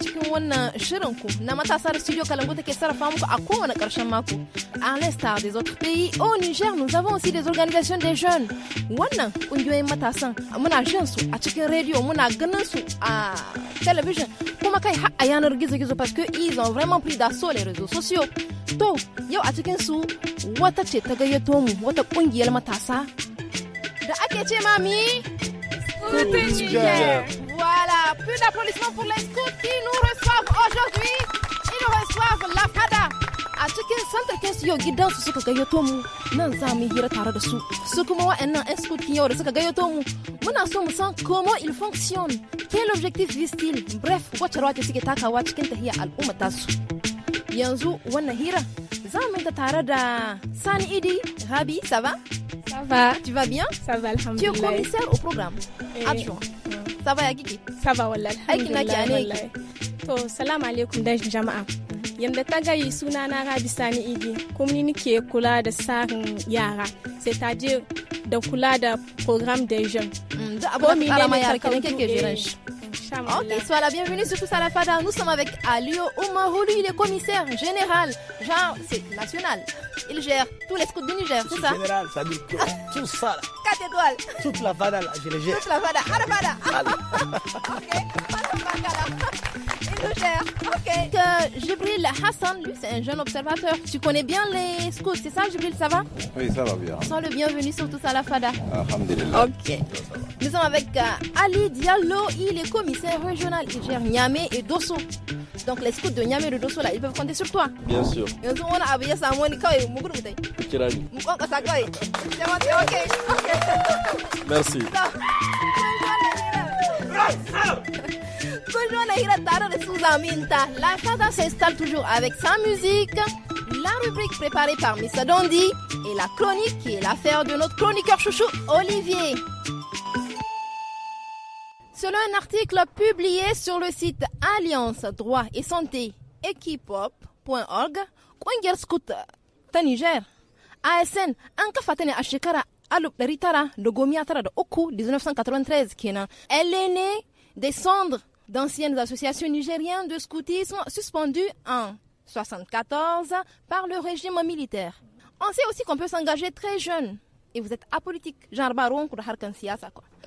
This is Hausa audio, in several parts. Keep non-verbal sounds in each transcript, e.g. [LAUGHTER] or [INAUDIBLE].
cikin wannan shirinku na matasa da studio Kalangu take sarrafa muku a kowane ƙarshen mako. A l'instar des autres pays, au Niger nous avons aussi des organisations des jeunes. Wannan ƙungiyoyin matasan muna jin su a cikin radio muna ganin su a television kuma kai har a yanar gizo-gizo parce que ils ont vraiment pris d'assaut les réseaux sociaux. To, yau a cikin su wata ce ta gayyato mu wata ƙungiyar matasa da ake ce mami. Niger plus d'applaudissements pour les scouts qui nous reçoivent aujourd'hui. Ils reçoivent la FADA. a cikin santar yo gidan su suka gayyato mu nan za mu hira tare da su su kuma wa'annan 'yan scootkin yau da suka gayyato mu muna so mu san comment il fonctionne quel objectif vise-t-il bref wacce rawa ce suke takawa cikin tahiyar al'umma su yanzu wannan hira za mu ta tare da Sani Idi Rabi ça va ça va tu vas bien ça va alhamdulillah tu es commissaire au programme adjoint ta baya ya Ta ba wallahi. Aikin naki a ne To salamu alaikum dan jama'a. Yanda ta gayi suna na Rabi Sani Idi kuma ni nake kula da sarin yara sai ta je da kula da program des jeunes. Mm, da abin da ta kara ma yara kenan kike jiran eh. shi. Ok, sois la bienvenue sur Tous à la Fada. Nous sommes avec Alio Oumarouli, il est commissaire général. Genre, c'est national. Il gère tous les scouts du Niger, c'est ça Général, ça dit ah. tout ça là. Quatre Toute la Fada là, je les gère. Toute la Fada, à la Fada. [LAUGHS] Ok, Luther. Ok. Que Hassan, lui, c'est un jeune observateur. Tu connais bien les scouts, c'est ça, Jibril Ça va Oui, ça va bien. Sois le bienvenu sur tout ça, la FADA. Alhamdulillah. Ok. Nous sommes avec euh, Ali Diallo, il est commissaire régional. Il gère Niamey et Dosso. Donc les scouts de Niamey et de Dosso, là, ils peuvent compter sur toi. Bien sûr. Merci. [LAUGHS] La fada s'installe toujours avec sa musique, la rubrique préparée par Missa Dondi et la chronique qui est l'affaire de notre chroniqueur chouchou Olivier. Selon un article publié sur le site Alliance Droit et Santé Equipop.org, ƙungiyar Scout ASN, Niger, ASN an kafa ta Logomiatara de Oku 1993 qui Elle est née des cendres d'anciennes associations nigériennes de scoutisme suspendues en 1974 par le régime militaire. On sait aussi qu'on peut s'engager très jeune. Et vous êtes apolitique, baron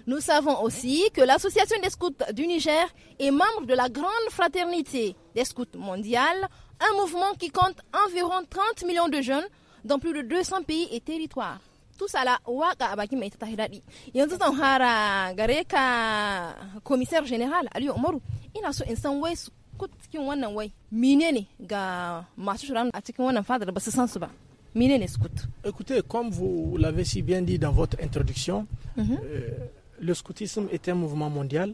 Nous savons aussi que l'Association des scouts du Niger est membre de la Grande Fraternité des scouts mondiales, un mouvement qui compte environ 30 millions de jeunes dans plus de 200 pays et territoires sala waka a bakin mai ta tahi yanzu zan fara gare ka commissaire general aliyu umaru ina so in san wai su cikin wannan wai menene ga masu shirin a cikin wannan fadar ba su san su ba menene scout écoutez comme vous l'avez si bien dit dans votre introduction mm -hmm. euh, le scoutisme est un mouvement mondial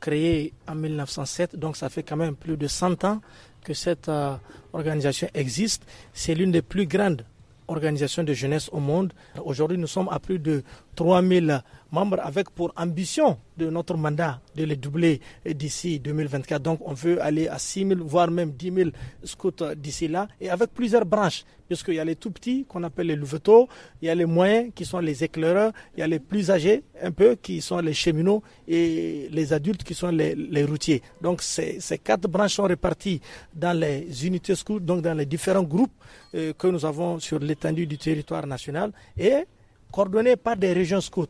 créé en 1907 donc ça fait quand même plus de 100 ans que cette euh, organisation existe c'est l'une des plus grandes organisations de jeunesse au monde. Aujourd'hui, nous sommes à plus de 3000 membres avec pour ambition de notre mandat de les doubler d'ici 2024. Donc on veut aller à 6 000, voire même 10 000 scouts d'ici là, et avec plusieurs branches, puisqu'il y a les tout petits qu'on appelle les louveteaux, il y a les moyens qui sont les éclaireurs, il y a les plus âgés un peu qui sont les cheminots, et les adultes qui sont les, routiers. Donc ces, quatre branches sont réparties dans les unités scouts, donc dans les différents groupes euh, que nous avons sur l'étendue du territoire national, et coordonnées par des régions scouts.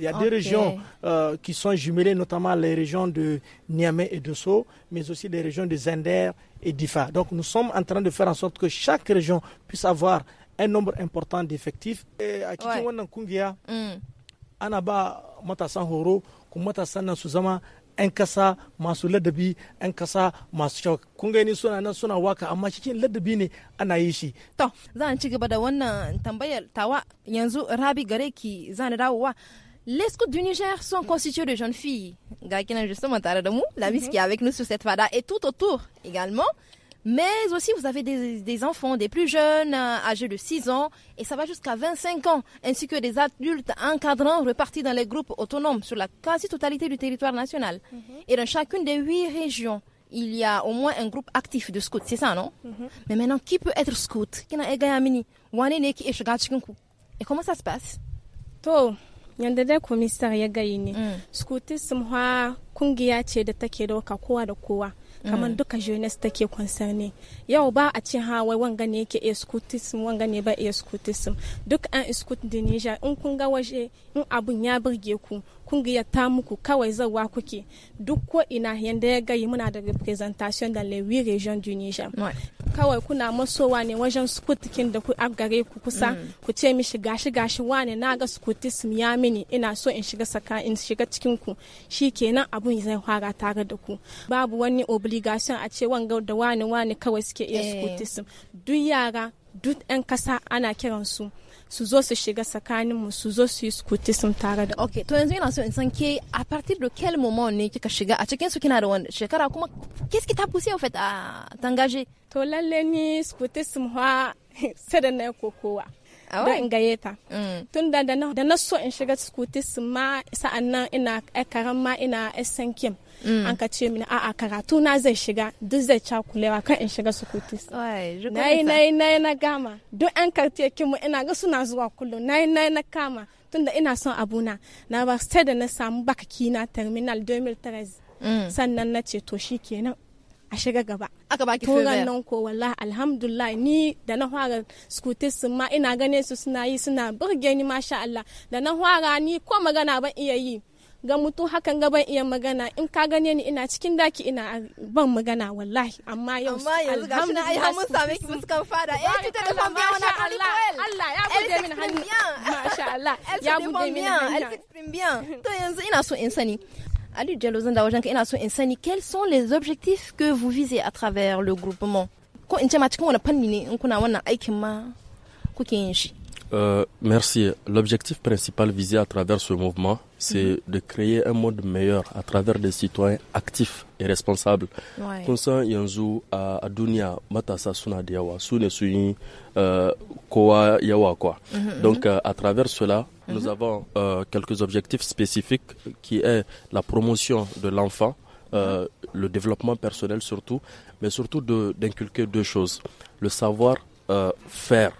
Il y a des régions euh, qui sont jumelées, notamment les régions de Niamey et de Sceaux, mais aussi les régions de Zender et d'Ifa. Donc nous sommes en train de faire en sorte que chaque région puisse avoir un nombre important d'effectifs. Et A cikin wannan kungiya hmm. ana ba matasan horo un matasan nan su zama 'yan kasa un ladabi un kasa masu kyau kun suna nan suna waka amma cikin ladabi ne ana yi shi to za ci gaba da wannan tambayar tawa yanzu rabi gare ki za un dawowa les scouts du Niger sont constitués de jeunes filles. la miss mhm. qui est avec nous sur cette fada et tout autour également. Mais aussi vous avez des, enfants, des plus jeunes, euh, âgés de 6 ans, et ça va jusqu'à 25 ans, ainsi que des adultes encadrants repartis dans les groupes autonomes sur la quasi-totalité du territoire national. Mhm. Et dans chacune des huit régions, il y a au moins un groupe actif de scouts, c'est ça, non mhm. Mais maintenant, qui peut être scout Et comment ça se passe yanda da komisar ya gayi ne mm. kungiya ce da take dauka kowa da kowa kamar mm. duka jeunesse take concerne yau ba a ce hawa wai wanga ne yake escutism wanga ne ba escutism duk an escut da Niger in kun ga waje in abun ya burge ku kungiyar ta muku kawai zawa kuke duk ko ina yanda ya gayi muna da representation da lewi region du Niger kawai kuna masowa ne wajen skutikin da ku gare ku kusa mm. ku ce mishi gashi gashi wane na ga skutism ya mini ina so in shiga saka in shiga cikin ku shikenan abu abin zai fara tare da ku babu wani obligation a ce wanga da wani wani kawai suke iya scotism eh. duk yara duk 'yan kasa ana kiransu su zo su shiga tsakaninmu su zo su yi scotism tare da ok to yanzu yana so in san ke a partir da kel moment ne kika shiga a cikin su kina da wani shekara kuma quest ki t'a poussé au fait tangaje. to lalle ni scotism ha [LAUGHS] sai da kokowa da in gaye ta mm. tun da da na so in shiga scutis ma sa'annan ina eh, karan ma ina esan eh, kim mm. an ka ce mini a'a karatu na zai shiga duk zai cakulewa kan in shiga scutis Nayi nayi nayi na gama duk an kartiya kimu ina ga suna zuwa kullum nayi yi na yi na kama ina son abuna na ba sai da na samu bakaki na terminal 2013 mm. sannan na ce to shi kenan a shiga gaba aka baki tunan nan ko walla alhamdulillah ni da na fara sun ma ina gane su suna yi suna burge ni masha Allah da na fara ni ko magana ban iya yi ga mutu hakan ga ban iya magana in ka gane ni ina cikin daki ina ban magana wallahi amma yau amma yanzu ga shi na ai mun same ki muskan fada eh kita da fam biyan wannan Allah Allah ya bude min hannu masha Allah ya bude min hannu to yanzu ina so in sani quels sont les objectifs que vous visez à travers le groupement merci. L'objectif principal visé à travers ce mouvement, c'est mhm. de créer un monde meilleur à travers des citoyens actifs et responsables. Donc à travers cela, nous mhm. avons euh, quelques objectifs spécifiques qui est la promotion de l'enfant, euh, le développement personnel surtout, mais surtout d'inculquer deux choses. Le savoir euh, faire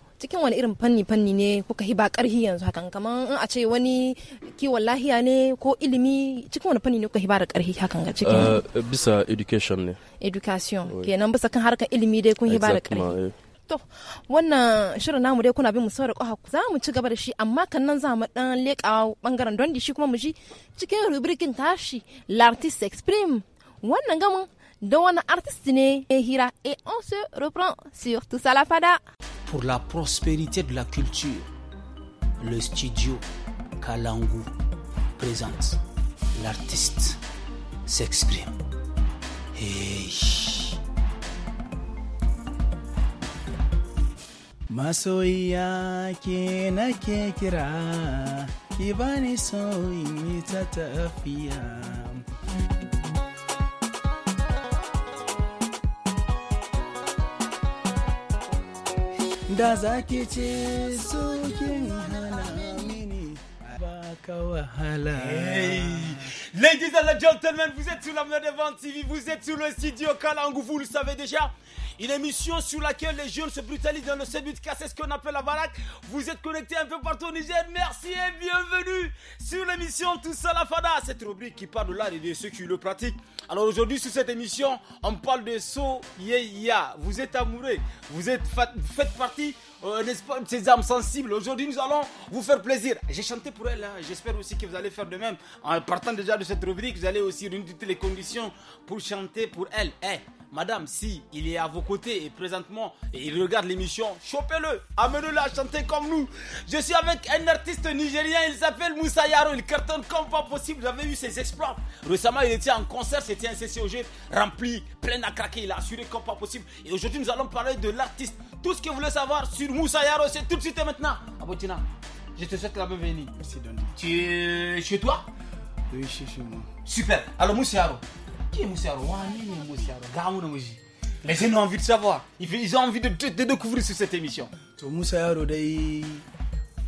cikin wani irin fanni fanni ne kuka hiba karhi yanzu hakan kamar in a ce wani kiwon lahiya ne ko ilimi cikin wani fanni ne kuka hiba da karhi hakan ga cikin eh, bisa education ne education kenan bisa kan harkar ilimi dai kun hiba da karhi eh. to wannan shirin namu dai kuna bin mu da ƙwaha za mu ci gaba da shi amma kan nan za mu dan leƙa bangaren don shi kuma mu ji cikin rubrikin tashi l'artiste exprime wannan gamin da wani artist ne ya hira et on se reprend sur tout ça la fada pour la prospérité de la culture, le studio Kalangu présente l'artiste s'exprime. Ladies and gentlemen, vous êtes sur la merde de Van TV, vous êtes sur le studio Kalangou, vous le savez déjà. Une émission sur laquelle les jeunes se brutalisent dans le 7 de casser c'est ce qu'on appelle la baraque. Vous êtes connectés un peu partout au Niger. Merci et bienvenue sur l'émission Tout ça la Fada. Cette rubrique qui parle de l'art et de ceux qui le pratiquent. Alors aujourd'hui, sur cette émission, on parle de So Vous êtes amoureux, vous êtes faites partie euh, n'est-ce pas, ces âmes sensibles. Aujourd'hui, nous allons vous faire plaisir. J'ai chanté pour elle. Hein. J'espère aussi que vous allez faire de même. En partant déjà de cette rubrique, vous allez aussi réunir toutes les conditions pour chanter pour elle. Eh, madame, si il est à vos côtés et présentement, et il regarde l'émission, chopez-le. Amenez-le à chanter comme nous. Je suis avec un artiste nigérien. Il s'appelle Moussa Yaro. Il cartonne comme pas possible. Vous avez eu ses exploits. Récemment, il était en concert. C'était un CCOG rempli, plein à craquer. Il a assuré comme pas possible. Et aujourd'hui, nous allons parler de l'artiste tout ce que vous voulez savoir sur Moussa Yaro, c'est tout de suite et maintenant. Abotina, je te souhaite la bienvenue. Merci, Dondi. Tu es chez toi Oui, je suis chez moi. Super. Alors, Moussa Yaro, qui est Moussa Yaro Moussa Yaro Les gens ont envie de savoir. Ils ont envie de découvrir sur cette émission. Moussa Yaro,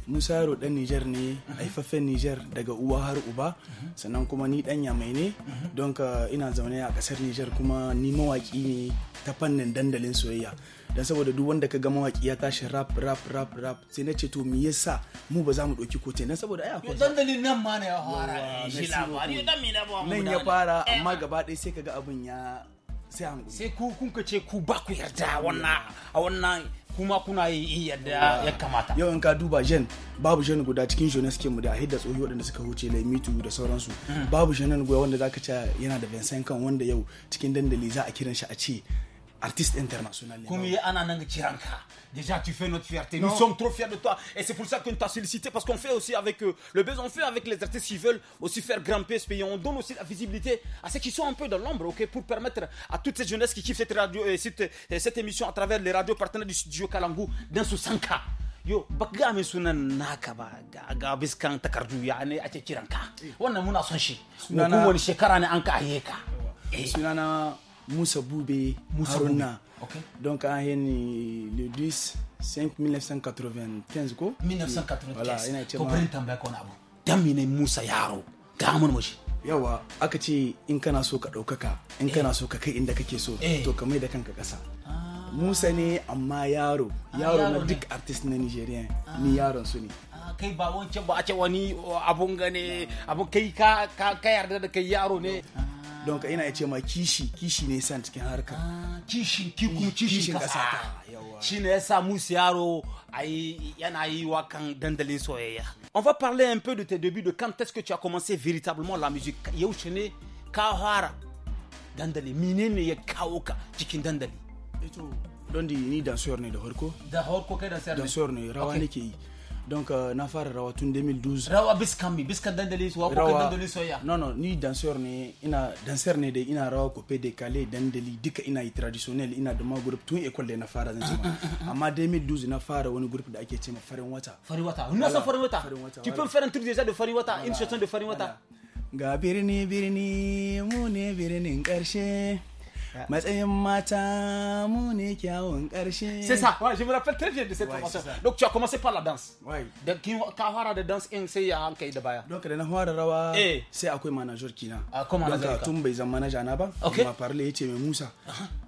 Moussa yaro dan niger ne mhm. fait niger daga uwa har uba mhm. sannan kuma ni dan yamai mhm. Donc il euh, ina a kasar niger kuma ni mawaki ne ta fannin dan saboda duk wanda ka ga mawaki ya tashi rap rap rap rap sai na ce to me yasa mu ba za mu dauki kote dan saboda ai akwai dan dalilin nan ma ne ya fara shi labari dan me na ba mu nan ya fara eh. amma gaba ɗaya sai kaga abun ya sai an sai ku kun ka ce ku ba ku yarda wannan a wannan kuma kuna yi yadda ya kamata yau in ka duba jen babu jen guda cikin jona suke mu da hidda tsohi waɗanda suka huce mitu da sauransu hmm. babu jenan guda wanda zaka ce yana da bensan kan wanda yau cikin dandali za a kiran shi a ce artiste international. Déjà, tu fais notre fierté. Nous sommes trop fiers de toi. Et c'est pour ça qu'on t'a sollicité. Parce qu'on fait aussi avec euh, Le besoin on fait avec les artistes qui veulent aussi faire grimper ce pays. On donne aussi la visibilité à ceux qui sont un peu dans l'ombre, ok Pour permettre à toutes ces jeunesse qui kiffent cette, radio, euh, cette, euh, cette émission à travers les radios partenaires du studio Kalangu dans ce 5K. yo naka ba ga biskan ya ne eh. wannan muna son shi shekara ne aye ka sunana Moussa Boubé Moussa Haruna. Okay. Donc, en le 10 5 1995 ko 1995 voilà ina ce ko bari tambaya ko abu dan mene Musa yaro ga mun mushi yawa aka ce in kana so ka daukaka in kana eh. so ka kai inda kake so eh. to ka mai da kanka kasa ah. Musa ne amma yaro ah, yaro na duk artist na Nigerian ah. ni yaron su ne kai ba wancan ba a ce wani abun gane abun kai ka yarda da kai yaro ne donc ina ce ma kishi kishi ne san cikin harka kishin kiku kishin kasa shine yasa musu yaro ayi yana yi wa kan dandalin soyayya on va parler un peu de tes débuts de quand est-ce que tu as commencé véritablement la musique yaushe ne ka fara dandali menene ya kawo ka cikin dandali don di ni danseur ne da harko da harko kai danseur ne danseur ne rawa nake yi donc euh, na fara rawa tun 2012 rawa biskan mi biskan dandali wa ko kan dandali soya non non ni danseur ne ina danseur ne dai ina rawa kope de kale dandali dika ina yi traditionnel ina da ma groupe tun école de na fara zan ce ma amma 2012 na fara wani groupe da ake ce ma farin wata farin wata na san farin wata tu peux faire un truc déjà de farin wata une chanson de farin wata ga birni birni mu ne birnin karshe matsayin mata mu ne kyawun karshe sai sa ouais, je me rappelle très da sai ta ouais, formation donc tu as commencé la danse da kin ka fara da dance in sai ya hankali da baya donc da na fara rawa sai akwai manager kina a ko manager tun bai zan manager na ba amma farle yace mai Musa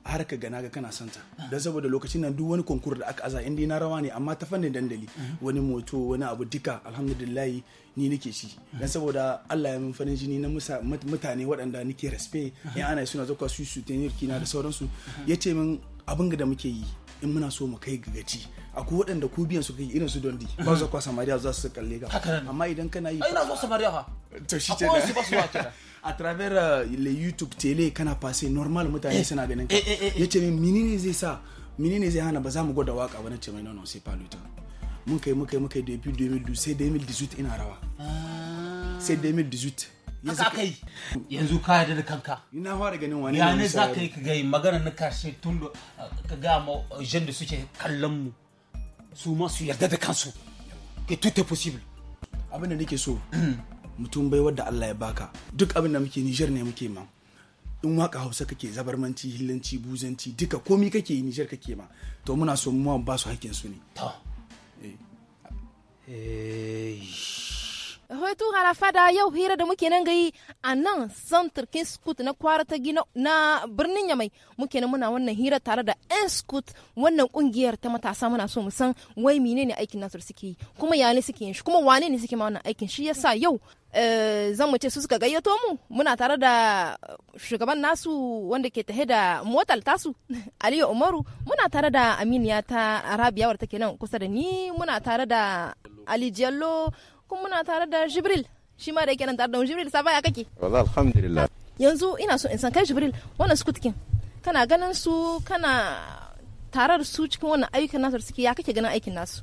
har ka gana ga kana santa dan saboda lokacin nan duk wani konkur da aka aza inda na rawa ne amma ta fannin dandali uh-huh. wani moto wani abu duka alhamdulillah ni nake shi dan saboda Allah ya min farin jini na mutane waɗanda nake respect in ana suna zakwa su su tenir kina da sauransu yace min abin da muke yi in muna so mu kai gagaci akwai waɗanda ku biyan su kai irin su dondi ba su kwa samariya za su kalle ka amma idan kana yi ina zuwa samariya fa to shi ce da [LAUGHS] a travers uh, le youtube tele kana passé normal mutane eh, suna ganin ka eh, eh, yace min menene zai sa menene zai hana ba za mu gwada waka ba na ce mai nono sai palutan mun kai muka muka da depuis 2012 sai 2018 ina rawa sai 2018 yanzu kai yanzu ka yarda da kanka ina fara ganin wani ya ne za ka yi ka ga magana na kashe tun da ka ga ma jan da suke kallon mu su ma su yarda da kansu ke tutte possible abin da nake so mutum bai wadda Allah ya baka duk abin da muke Niger ne muke ma in waka hausa kake zabarmanci hillanci buzanci duka komi kake yi Niger kake ma to muna so mu ba su hakkin su ne えい。えい。hoto hara fada yau hira da muke nan gayi a nan san king scoot na kwara ta gina na birnin yamai muke nan muna wannan hira tare da n skut wannan kungiyar ta matasa muna so mu san wai menene aikin nasu suke yi kuma ya suke yin shi kuma wane ne suke ma wannan aikin shi yasa yau eh, zan mu ce su suka gayyato mu muna tare da shugaban nasu wanda ke tahe da motal tasu [LAUGHS] aliyu umaru muna tare da aminiya ta arabiya wadda take nan kusa da ni muna tare da ali jello kun muna tare da Jibril shi ma da yake nan tare da Jibril sa baya kake wallahi alhamdulillah yanzu ina so in san kai Jibril wannan skutkin kana ganin su kana tarar su cikin wannan ayyukan nasu suke ya kake ganin aikin nasu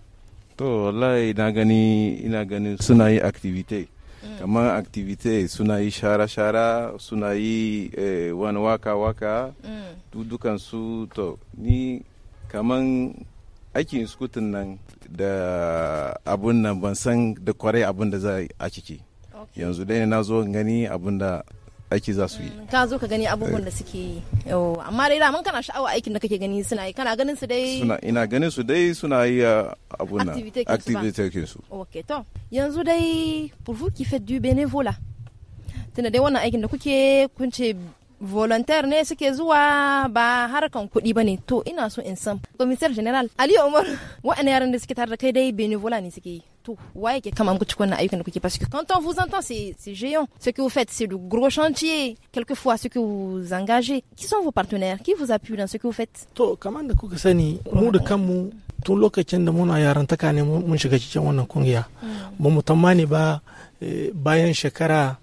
to wallahi na gani ina ganin suna yi activity mm. kamar activity suna yi shara-shara suna yi eh, wani waka-waka mm. dukansu to ni kaman aikin skutin nan da abun nan ban san da kwarai abun da za a ciki yanzu dai na zo gani abun da aiki za su yi mm, ka zo ka gani abubuwan da eh. suke yi amma dai daman kana sha'awa aikin da kake gani suna yi kana ganin su dai suna ina ganin su dai suna yi uh, abun nan activity su ok to yanzu dai pour vous qui faites du bénévolat tunda dai wannan aikin da kuke kun ce volontaire ne suke zuwa ba harkan kuɗi ba ne to ina so in san commissaire general ali omar [LAUGHS] wa'annan yaran da suke tare da kai dai benevola ne suke yi tout. Ouais, parce que quand on vous entend, c'est c'est géant. Ce que vous faites, c'est le gros chantiers. Quelquefois, ce que vous engagez. Qui sont vos partenaires Qui vous appuie dans ce que vous faites tun lokacin da muna yarantaka ne mun shiga cikin wannan kungiya mm. ba mu ne ba eh, bayan shekara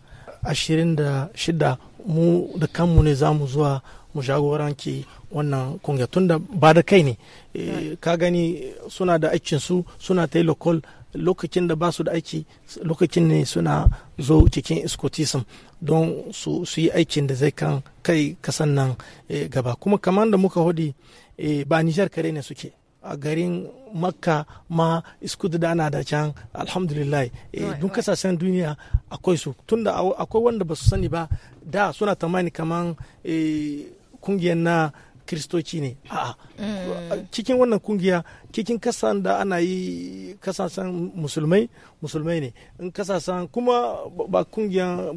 ashirin da shida mu da kanmu ne za mu zuwa mu jagoranci wannan kungiya tunda ba da kai ne eh, ka gani suna da aikin su suna ta yi lokal lokacin da ba su da aiki lokacin ne suna zo cikin iskotism don su yi aikin da zai kan kai kasan nan eh, gaba kuma kamar da muka hudi eh, ba nijar kare ne suke a garin makka ma iskudu da ana da can alhamdulillah eh, dun kasashen duniya akwai su tunda akwai wanda ba su sani ba da suna tamani kaman eh, kungiyar na kristoci ne a mm. cikin wannan kungiya cikin kasan da ana yi kasashen musulmai musulmai ne in kasashen kuma ba kungiyar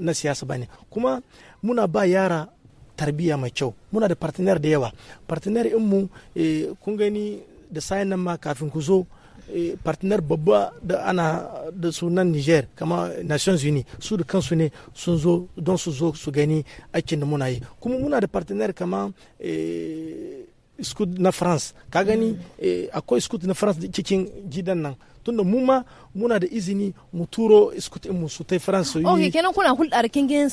na siyasa ba ne kuma muna ba yara tarbiyya mai kyau muna da partner da yawa partner in mu eh, kun gani da sayan nan ma kafin ku zo eh, partner babba da ana da sunan niger kama nations uni su da kansu ne sun zo don su zo su gani aikin da muna yi kuma muna da partner kama eh, scout na france ka gani eh, akwai scout na france cikin gidan nan tunda mu ma muna da izini mu turo scout mu su tai france su yi okay kenan kuna hulɗa da kingin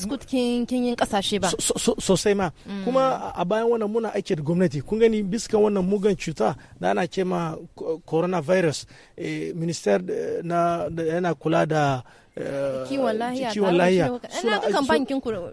kin yin kasashe ba sosai ma mm. kuma a bayan wannan muna aiki da gwamnati kun gani biskan wannan mugan cuta da ana ce ma coronavirus eh, minister eh, na yana kula da Eh, kiwon lahiya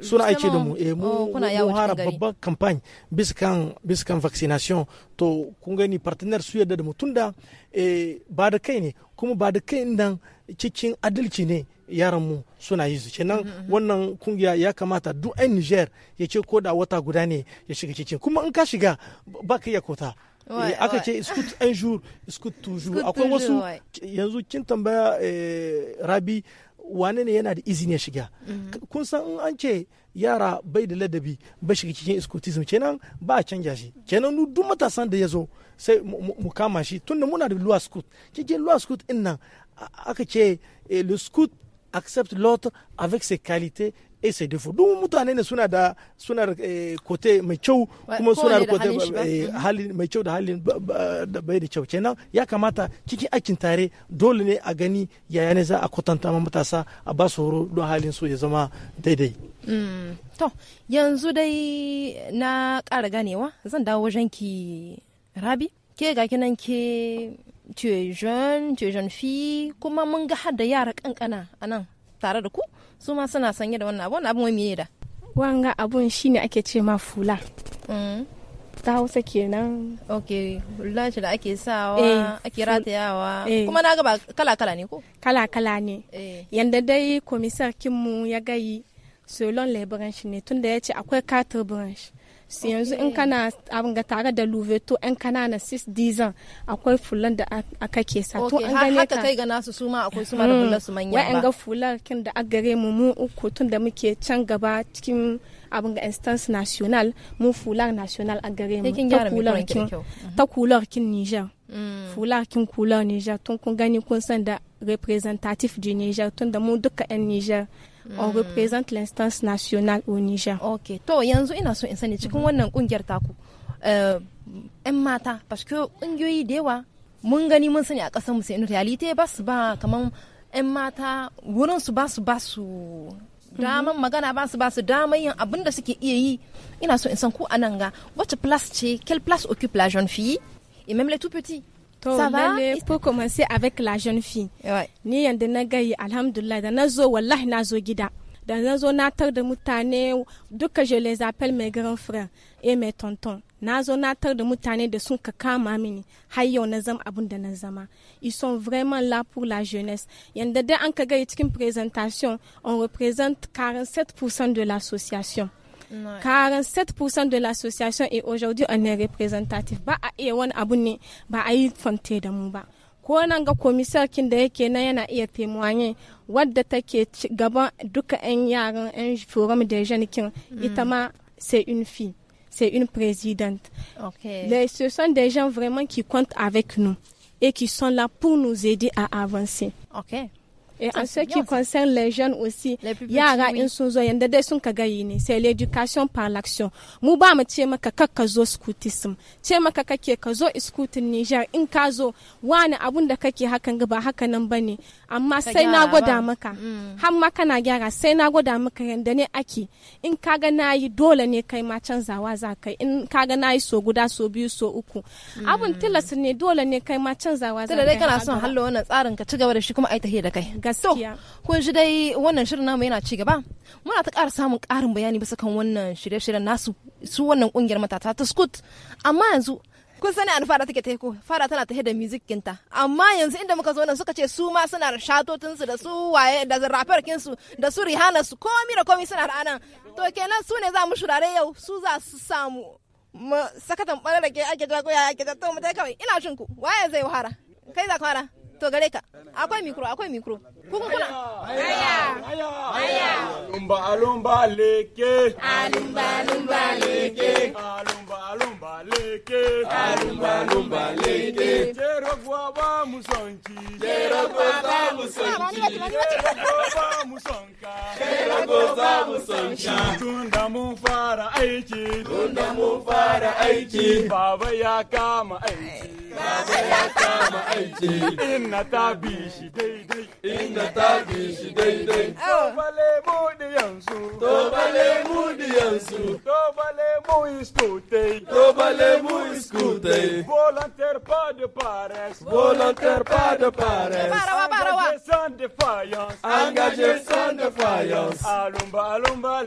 suna aiki da mu eh mu oh, hara babban campaign biskan biskan vaccination to kun gani partner su yadda da mu tunda eh, ba da kai ne kuma ba da kai nan cikin adalci ne yaran mu suna yi su kenan mm-hmm, mm-hmm. wannan kungiya ya kamata duk ɗan Niger ya ce ko da wata guda ne ya shiga cikin kuma in ka shiga ba ka iya kota eh, aka ce iskut un jour iskut toujours akwai wasu yanzu kin tambaya rabi wane ne yana da izini ya shiga mm-hmm. kun san in an ce yara bai da ladabi ba shiga cikin iskotism kenan ba a canja shi kenan duk matasan da ya zo sai mu kama shi tunda muna da luwa scoot kike luwa scoot din nan aka ce eh, le scoot accepte l'autre avec ses qualités et ses défauts duk mutane ne suna da suna eh, da kote mai kuma suna da kote mai kyau da halin da bai da kenan ya kamata cikin aikin tare dole ne a gani yaya ne za a kwatanta ma matasa a ba su horo don halin su ya zama daidai mm. to yanzu dai na ƙara ganewa zan dawo wajen ki rabi ke ga ke tu jeune tu jeune fi kuma mun ga hada yara kankana anan tare da ku su ma suna sanye da wannan abun abun wani meye da wanga abun shine ake ce ma fula mm. ta hausa kenan ok lati da ake sawa eh, ake ratayawa eh. kuma na gaba kala-kala ne ko kala-kala ne eh. yadda dai komisar kinmu ya gayi solon le branch ne tunda ya ce akwai katar branch su yanzu in kana abin ga tare da luveto yan kanana sis dizan akwai fulan da aka ke sa tun an gane ka kai ga nasu su ma akwai su ma da fulan mm. su manya ba wa'en ga fular kin da agare mu mu uku tun da muke can gaba cikin abin ga instance national mu fular national agare mu ta kula kin ta kula mhm. kin Niger mm. fular kin kula Niger tun kun gani kun san da representative di Niger tun da mu duka yan Niger on hmm. représente l'instance nationale au Niger. Ok, to yanzu ina so in sani cikin wannan kungiyar taku. Eh, ‘Yan mata, parce que ƙungiyoyi da yawa mun gani mun sani a ƙasar mu sai in realite ba su ba kamar ‘yan mata wurin su ba su ba su daman hmm. magana ba su ba su daman yin abin da suke iya yi ina so in san ku anan ga wacce plus ce quelle place occupe la jeune fille et même les tout petits Ça va? pour commencer avec la jeune fille. Ni yanda na gayi alhamdulillah da nazo wallahi nazo gida. Da nazo na tar da mutane duka je les appelle mes grands frères et mes tontons. Nazo na tar da mutane de sun ka kama mini har na na zama. Ils sont vraiment là pour la jeunesse. Yanda dai an cikin présentation, on représente 47% de l'association. Car 47% de l'association est aujourd'hui on est représentatif. Ba a iya wani abu ne ba a yi fante da mu ba. Ko nan ga komisar kin da yake nan yana iya temoanye wadda take gaban duka 'yan yaran 'yan forum da mm. ita ma c'est une fille. c'est une présidente. Okay. Les, ce sont des gens vraiment qui comptent avec nous et qui sont là pour nous aider à avancer. Okay. Et en ce qui concerne les jeunes aussi, il y a in sun il y a des ka qui gagnent, c'est l'éducation par l'action. Mu ba mu ce maka kak ka zo scoutism, ce maka kake ka zo scoutin Niger in ka zo wani abun da kake hakan ga ba haka nan bane, amma sai na gwada maka. Mm. Har ma kana gyara sai na gwada maka yanda ne ake. In ka ga nayi dole ne kai ma canzawa za kai, in ka ga nayi so guda so biyu so uku. Mm. Abun tilas ne dole ne kai ma canzawa za kai. Tunda dai kana son hallo wannan tsarin ka ci gaba da shi kuma ai tahiya da kai. gaskiya kun shi dai wannan shirin namu yana ci gaba muna ta ƙara samun ƙarin bayani bisa kan wannan shirye-shiryen nasu su wannan ƙungiyar matata ta scoot amma yanzu kun sani an fara take teko fara tana tahe da music kinta amma yanzu inda muka zo nan suka ce su ma suna da shatotin su da su waye da rapper kin su da su Rihanna su komi da komi suna da anan to kenan su ne za mu shurare yau su za su samu sakatan ɓarar da ke ake ya ake jatto mu dai kawai ina shinku waye zai wahara kai za ka wahara. to gare ka akwai mikro akwai mikro kun kuna lumba lumba leke alumba ah, lumba leke alumba ah, alumba. baleke alumba lumba leke jero gwaba musonki jero gwaba musonki jero gwaba musonka jero gwaba musonka tunda mun fara aiki tunda mun fara aiki baba ya kama aiki baba ya kama aiki ina ta bi shi daidai inna ta bi shi daidai to bale mu da yanzu to bale mu di yanzu to bale mu istote to vous' pas de paresse. Volontaire, pas de paresse. sans Engagé sans Alumba, alumba,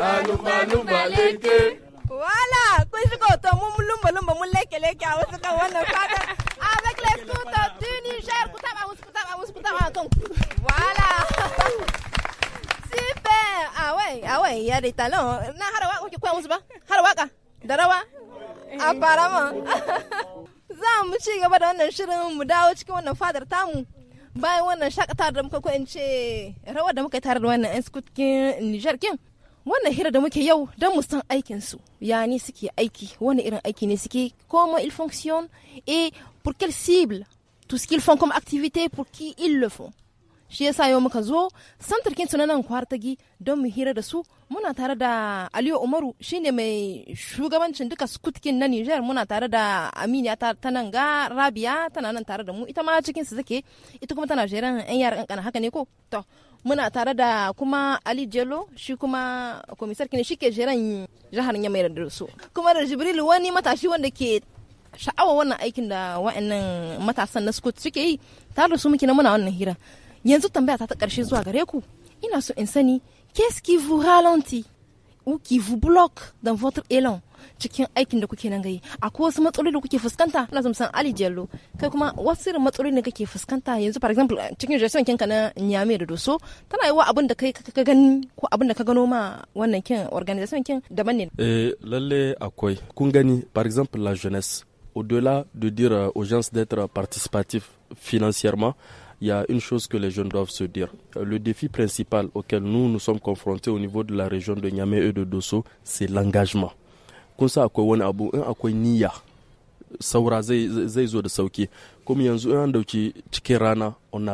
Alumba, alumba, Voilà, Avec les du Niger, Voilà ah ouais ah ouais il y a des talents na tu sais, musu ba apparemment aiki irin aiki ne suke comment ils fonctionne et pour quelle cible tout ce qu'ils font comme activité pour qui ils le font shi yasa yau muka zo santar kinsu na nan kwartagi don mu hira da su muna tare da aliyu umaru shine mai shugabancin duka skutkin na niger muna tare da aminiya ta nan ga rabia tana nan tare da mu ita ma cikin su take ita kuma tana jeran yan yara kankana haka ne ko to muna tare da kuma ali jelo shi kuma komisar kine shi ke jeran jihar nyamai da su kuma da jibril wani matashi wanda ke sha'awa wannan aikin da wa'annan matasan na suke yi tare da su muke na muna wannan hira yanzu tambaya ta ta karshe zuwa gare ku ina so in sani qu'est-ce qui vous ralentit ou qui vous bloque dans votre élan cikin aikin da kuke nan gayi akwai wasu matsaloli da kuke fuskanta ina so san Ali Jello kai kuma wasu irin matsaloli ne kake fuskanta yanzu for example cikin jason kinka na Niamey da Doso tana yi wa abin da kai ka gani ko abin da ka gano ma wannan kin organization kin daban ne eh lalle akwai kun gani for example la jeunesse au-delà de dire aux gens d'être participatifs financièrement, il y a une chose que les jeunes doivent se dire. Euh, le défi principal auquel nous nous sommes confrontés au niveau de la région de Niamey et de Dosso, c'est l'engagement. Comme on a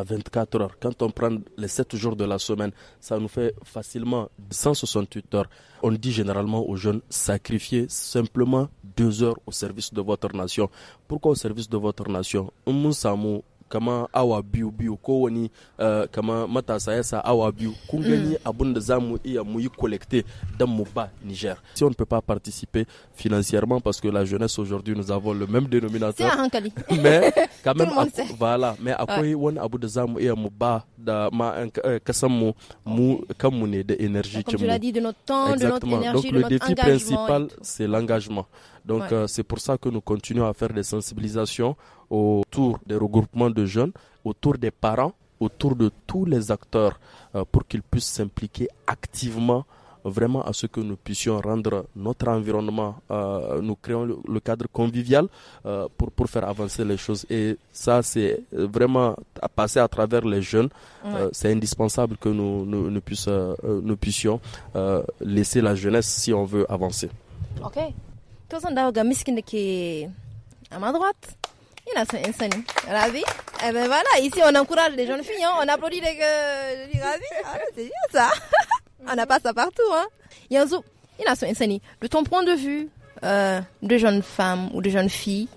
24 heures quand on prend les 7 jours de la semaine ça nous fait facilement 168 heures on dit généralement aux jeunes sacrifiez simplement 2 heures au service de votre nation pourquoi au service de votre nation kama awa biyu biyu kowani uh, eh, kama matasa ya sa awa biyu kun mm. gani mm. abin da za mu iya mu yi collecter mu ba Niger si on ne peut pas participer financièrement parce que la jeunesse aujourd'hui nous avons le même dénominateur [LAUGHS] mais quand même voilà mais akwai wani abu da za mu iya mu ba da ma eh, mu kanmu ne da énergie comme tu l'as dit de notre temps de notre énergie, donc de notre le défi principal c'est l'engagement donc euh, c'est pour ça que nous continuons à faire des sensibilisations autour des regroupements de jeunes, autour des parents, autour de tous les acteurs euh, pour qu'ils puissent s'impliquer activement vraiment à ce que nous puissions rendre notre environnement, euh, nous créons le, cadre convivial euh, pour, pour faire avancer les choses. Et ça, c'est vraiment à passer à travers les jeunes. c'est indispensable que nous, puissions laisser la jeunesse si on veut avancer. Ok. Tous a à ma droite. Il son eh ben voilà ici on encourage les jeunes filles hein. on applaudit les euh, ah, c'est bien ça [LAUGHS] on n'a pas ça partout hein Yanzo, a son insane. de ton point de vue euh, de jeunes femmes ou de jeunes filles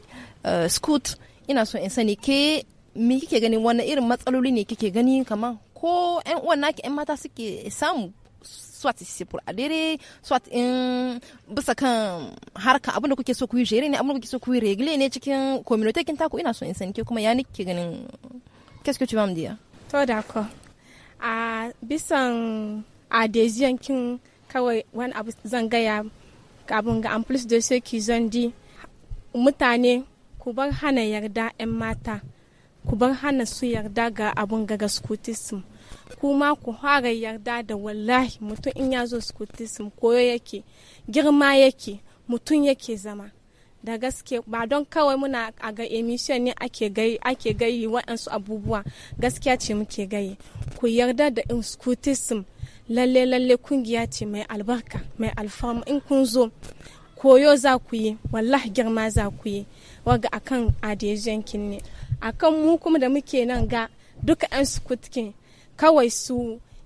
euh, scout a son in a ke me a gani irin matsaloli ne kike gani kaman ko gagné, uwan naki samu soit c'est pour adhérer soit in bisa kan harka abin da kuke so ku yi jere ne abin da kuke so ku yi regle ne cikin community kin taku ina so in sani ke kuma ya nike ganin qu'est-ce que tu vas me dire to d'accord a ah, bisan adhesion ah, kin kawai wani abu zan gaya abin ga en plus de ceux qui ont dit mutane ku bar hana yarda 'yan mata ku bar hana su yarda ga abun ga gaskutism kuma ku fara yarda da wallahi mutum in ya zo scottism koyo yake girma yake mutum yake zama da gaske ba don kawai muna a ga emission ne ake gayi waɗansu abubuwa gaskiya ce muke gayi ku yarda da skutism lalle lalle kungiya ce mai albarka mai alfarma in kun zo koyo za ku yi wallahi girma za ku yi waga akan adejankin ne akan mu kuma da muke nan ga duka 'yan sukutkin kawai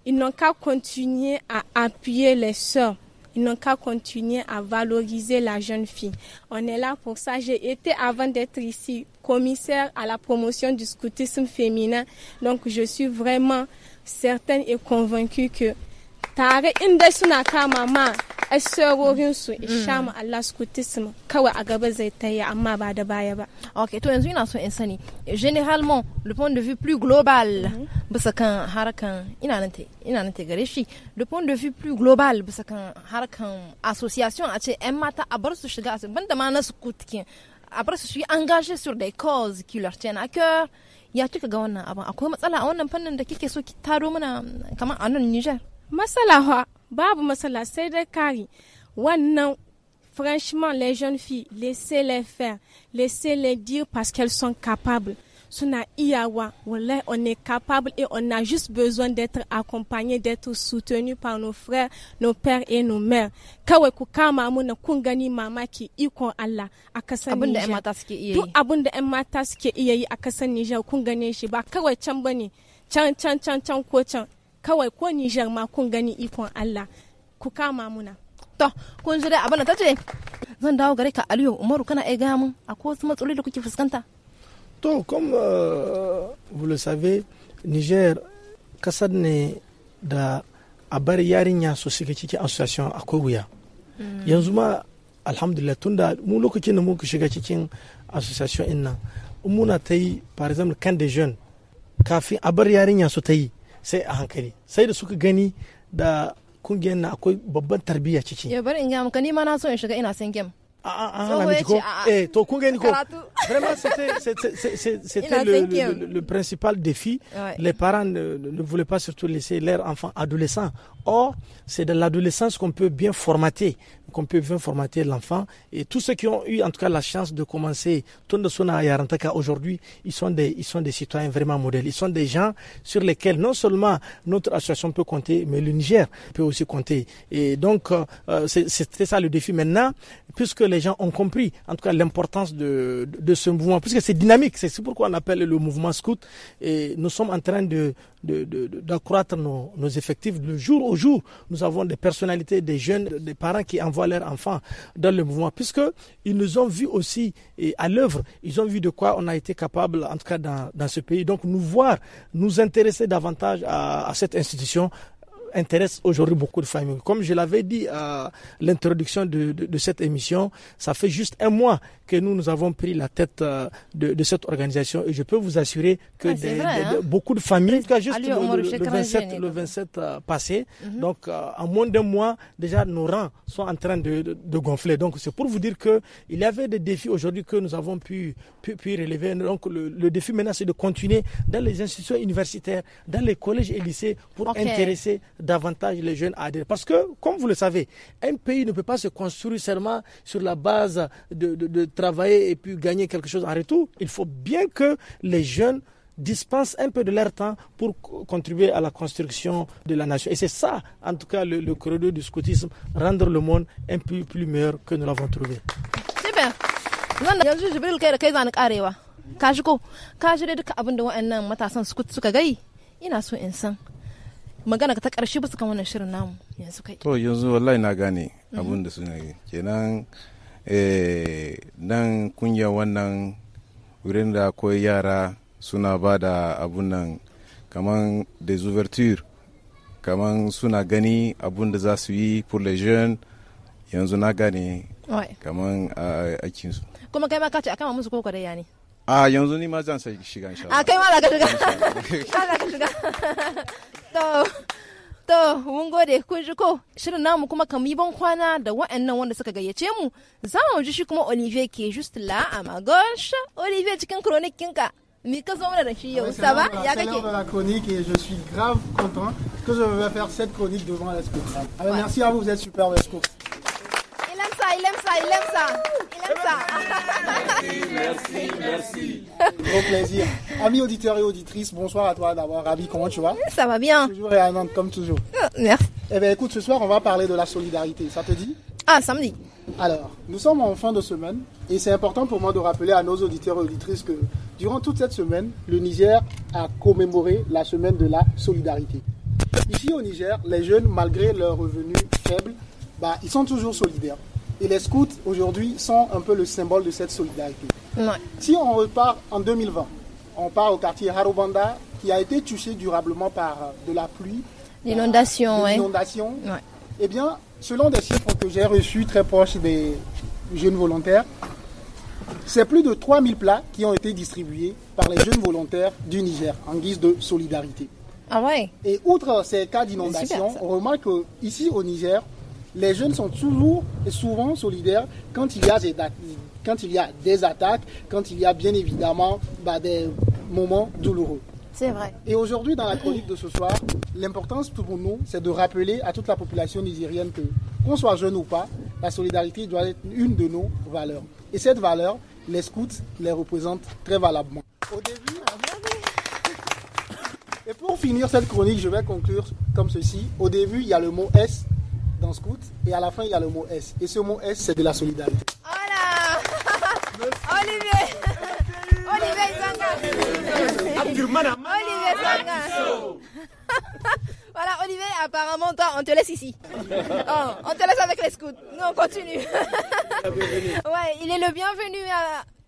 ils n'ont qu'à continuer à appuyer les sœurs. Ils n'ont qu'à continuer à valoriser la jeune fille. On est là pour ça. J'ai été, avant d'être ici, commissaire à la promotion du scoutisme féminin. Donc, je suis vraiment certaine et convaincue que Tare indesunaka, maman assarorinsu mm. sha mu Allah su kutisma kawai a gaba zai taya amma ba da baya ba ok to yanzu ina so in sani généralement le point de vue plus global mm-hmm. bisa kan harkan ina nan ina nan gare shi le point de vue plus global bisa kan harkan association a ce yan mata a bar su shiga banda ma na su kutkin a bar su yi engagé sur des causes qui leur tiennent à cœur ya kika ga wannan abin akwai matsala a wannan fannin da kike so ki taro mana kamar a nan Niger Masalaha, babu masala, c'est des kari. Wannan, franchement, les jeunes filles, laissez-les faire, laissez-les dire parce qu'elles sont capables. Suna Iawa, on est capable et on a juste besoin d'être accompagné, d'être soutenu par nos frères, nos pères et nos mères. Kawai ku kama na kungani mama ki ikon Allah akasa kasar Nijar. Abin da 'yan mata suke iya yi. Duk mata a kun gane shi ba kawai can bane. chan chan chan ko chan kawai ko Nijar ma kun gani ikon Allah ku kama muna to kun ji dai abin da ce. zan dawo gare ka Aliyu Umaru kana ai gaya mun akwai wasu matsaloli da kuke fuskanta to comme euh, vous le savez Niger kasar ne da a bar yarinya su shiga cikin association akwai wuya hmm. yanzu ma alhamdulillah tunda mu lokacin da muka shiga cikin association in nan muna ta yi par exemple kan de jeunes kafin a bar yarinya su ta yi sai a hankali sai da suka gani da kungiyar na akwai babban tarbiyya ciki ya bari in ga maka ni ma na so in shiga ina son game Vraiment, c'était le, le, principal défi. Les parents ne, ne, voulaient pas surtout laisser leurs enfants adolescents. Or, c'est de l'adolescence qu'on peut bien formater, qu'on peut bien formater l'enfant. Et tous ceux qui ont eu en tout cas la chance de commencer Tondosona et aujourd'hui, ils sont des, ils sont des citoyens vraiment modèles. Ils sont des gens sur lesquels non seulement notre association peut compter, mais le Niger peut aussi compter. Et donc, euh, euh, c'était ça le défi. Maintenant, puisque les les gens ont compris, en tout cas, l'importance de, ce mouvement, puisque c'est dynamique. C'est pourquoi on appelle le mouvement scout. Et nous sommes en train de, d'accroître nos, effectifs de jour au jour. Nous avons des personnalités, des jeunes, des parents qui envoient leurs enfants dans le mouvement, puisque ils nous ont vu aussi à l'œuvre. Ils ont vu de quoi on a été capable, en tout cas, dans, ce pays. Donc, nous voir, nous intéresser davantage à cette institution intéresse aujourd'hui beaucoup de familles. Comme je l'avais dit à l'introduction de, cette émission, ça fait juste un mois que nous, nous avons pris la tête euh, de, cette organisation et je peux vous assurer que ah, hein. beaucoup de familles, en juste Allez, le, le, 27, le 27 euh, passé, mhm. donc euh, en moins d'un mois, déjà nos rangs sont en train de, gonfler. Donc c'est pour vous dire qu'il y avait des défis aujourd'hui que nous avons pu, pu, relever. Donc le, défi maintenant, c'est de continuer dans les institutions universitaires, dans les collèges et lycées pour intéresser davantage les jeunes à adhérer. Parce que, comme vous le savez, un pays ne peut pas se construire seulement sur la base de, de, travailler et puis gagner quelque chose en retour. Il faut bien que les jeunes dispensent un peu de leur temps pour contribuer à la construction de la nation. Et c'est ça, en tout cas, le, le credo du scoutisme, rendre le monde un peu plus meilleur que nous l'avons trouvé. magana ta karshe su kan wannan shirin namu yanzu kai to yanzu wallahi na gane abun da suna yi kenan eh, nan kunya wannan wurin da koyi yara suna ba da abun nan kaman des ouvertures kaman suna gani abun da za su yi pour les jeunes yanzu na gane cikin ah, su. kuma kai ma ka ce a kama musu koko da yani a ah, yanzu ni ma zan shiga insha Allah a ah, kai ma za ka shiga [LAUGHS] za ka shiga [LAUGHS] to to mun gode kun ji ko shirin namu kuma kan yi ban kwana da wa'annan wanda suka gayyace mu za mu ji shi kuma Olivier ke just la a ma gauche Olivier cikin chronique mi kinka Mais que ça va C'est l'heure de la chronique et je suis grave content que je vais faire cette chronique devant la Allez, ouais. Merci à vous, vous êtes super, Vesco il aime ça, il aime ça, il aime ça. Merci, merci, merci. [LAUGHS] Gros plaisir. Amis auditeurs et auditrices, bonsoir à toi d'avoir Ravi, comment tu vas Ça va bien. Toujours et Nantes, comme toujours. Euh, merci. Eh bien, écoute, ce soir, on va parler de la solidarité. Ça te dit Ah, samedi. Alors, nous sommes en fin de semaine et c'est important pour moi de rappeler à nos auditeurs et auditrices que durant toute cette semaine, le Niger a commémoré la semaine de la solidarité. Ici au Niger, les jeunes, malgré leurs revenus faibles, bah, ils sont toujours solidaires. Et les scouts, aujourd'hui, sont un peu le symbole de cette solidarité. Si on repart en 2020, on part au quartier Harobanda, qui a été touché durablement par euh, de la pluie. L'inondation, oui. Eh bien, selon des chiffres que j'ai reçus très proches des jeunes volontaires, c'est plus de 3000 plats qui ont été distribués par les jeunes volontaires du Niger en guise de solidarité. Ah ouais. Et outre ces cas d'inondation, on remarque qu'ici au Niger, les jeunes sont toujours et souvent solidaires quand il y a des, quand il y a des attaques, quand il y a bien évidemment bah, des moments douloureux. C'est vrai. Et aujourd'hui, dans la chronique de ce soir, l'importance pour nous, c'est de rappeler à toute la population nigérienne que, qu'on soit jeune ou pas, la solidarité doit être une de nos valeurs. Et cette valeur, les scouts les représentent très valablement. Au début, et pour finir cette chronique, je vais conclure comme ceci. Au début, il y a le mot S Scout. Et à la fin, il y a le mot S. Et ce mot S, c'est de la solidarité. Voilà [LAUGHS] Olivier Olivier Zanga Olivier [LAUGHS] Voilà, Olivier, apparemment, toi, on te laisse ici. Oh, on te laisse avec les scouts. Nous, on continue. [LAUGHS] ouais, il est le bienvenu à,